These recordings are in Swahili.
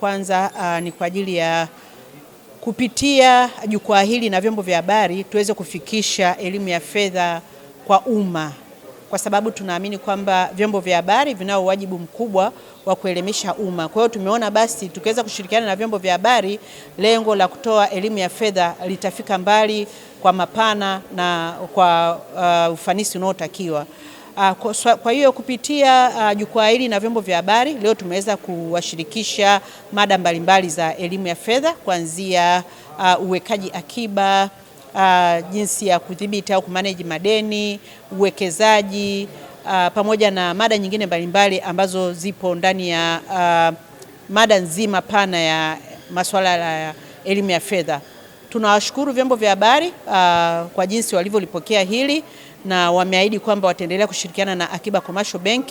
kwanza uh, ni kwa ajili ya kupitia jukwaa hili na vyombo vya habari tuweze kufikisha elimu ya fedha kwa umma, kwa sababu tunaamini kwamba vyombo vya habari vinao wajibu mkubwa wa kuelimisha umma. Kwa hiyo tumeona basi tukiweza kushirikiana na vyombo vya habari, lengo la kutoa elimu ya fedha litafika mbali kwa mapana na kwa uh, ufanisi unaotakiwa. Ah, kwa hiyo kupitia ah, jukwaa hili na vyombo vya habari leo tumeweza kuwashirikisha mada mbalimbali za elimu ya fedha kuanzia uh, uwekaji akiba uh, jinsi ya kudhibiti au kumanage madeni, uwekezaji uh, pamoja na mada nyingine mbalimbali ambazo zipo ndani ya uh, mada nzima pana ya masuala ya elimu ya fedha. Tunawashukuru vyombo vya habari uh, kwa jinsi walivyolipokea hili na wameahidi kwamba wataendelea kushirikiana na Akiba Commercial Bank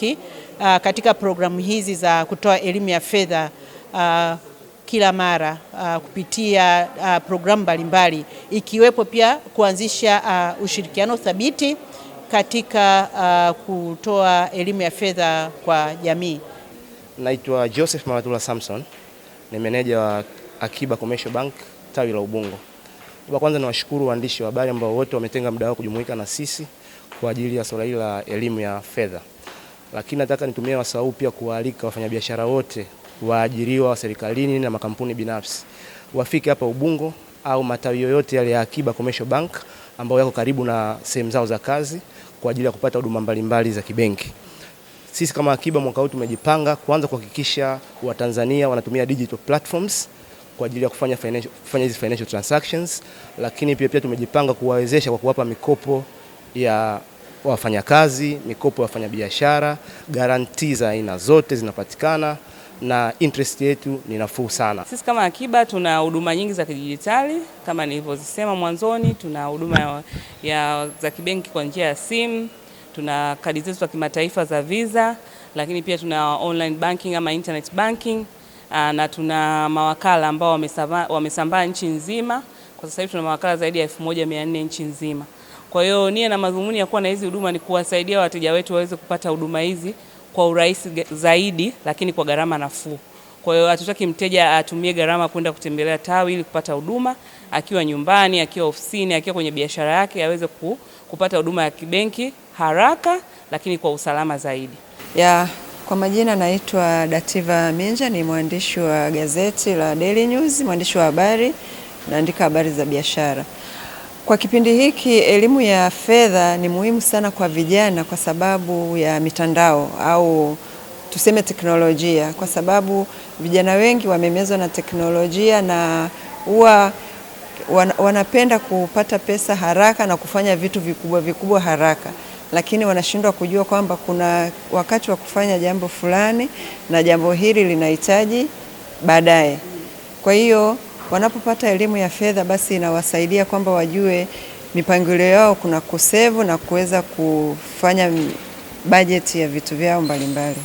uh, katika programu hizi za kutoa elimu ya fedha uh, kila mara uh, kupitia uh, programu mbalimbali ikiwepo pia kuanzisha uh, ushirikiano thabiti katika uh, kutoa elimu ya fedha kwa jamii. Naitwa Joseph Maratula Samson, ni meneja wa Akiba Commercial Bank tawi la Ubungo. Kwa Kwanza niwashukuru waandishi wa habari ambao wote wametenga muda wao kujumuika na sisi kwa ajili ya swala hili la elimu ya fedha, lakini nataka nitumie wasaa huu pia kuwaalika wafanyabiashara wote waajiriwa wa serikalini na makampuni binafsi wafike hapa Ubungo au matawi yoyote yale ya Akiba Commercial Bank ambao yako karibu na sehemu zao za kazi kwa ajili ya kupata huduma mbalimbali za kibenki. Sisi kama Akiba mwaka huu tumejipanga kuanza kuhakikisha Watanzania wanatumia digital platforms kwa ajili ya kufanya financial, kufanya hizi financial transactions, lakini pia pia tumejipanga kuwawezesha kwa kuwapa mikopo ya wafanyakazi, mikopo ya wafanyabiashara, garantii za aina zote zinapatikana na interest yetu ni nafuu sana. Sisi kama Akiba tuna huduma nyingi za kidijitali kama nilivyozisema mwanzoni, tuna huduma ya, ya za kibenki kwa njia ya simu, tuna kadi zetu za kimataifa za Visa, lakini pia tuna online banking ama internet banking. Ah, na tuna mawakala ambao wamesambaa nchi nzima. Kwa sasa hivi tuna mawakala zaidi ya 1400 nchi nzima. Kwa hiyo nia na madhumuni ya kuwa na hizi huduma ni kuwasaidia wateja wetu waweze kupata huduma hizi kwa urahisi zaidi, lakini kwa gharama nafuu. Kwa hiyo hatutaki mteja atumie gharama kwenda kutembelea tawi ili kupata huduma, akiwa nyumbani, akiwa ofisini, akiwa kwenye biashara yake aweze kupata huduma ya kibenki haraka, lakini kwa usalama zaidi. Yeah. Kwa majina naitwa Dativa Minja, ni mwandishi wa gazeti la Daily News, mwandishi wa habari, naandika habari za biashara. Kwa kipindi hiki elimu ya fedha ni muhimu sana kwa vijana kwa sababu ya mitandao au tuseme teknolojia, kwa sababu vijana wengi wamemezwa na teknolojia na huwa wanapenda kupata pesa haraka na kufanya vitu vikubwa vikubwa haraka lakini wanashindwa kujua kwamba kuna wakati wa kufanya jambo fulani na jambo hili linahitaji baadaye. Kwa hiyo wanapopata elimu ya fedha, basi inawasaidia kwamba wajue mipangilio yao kuna kusevu na kuweza kufanya bajeti ya vitu vyao mbalimbali.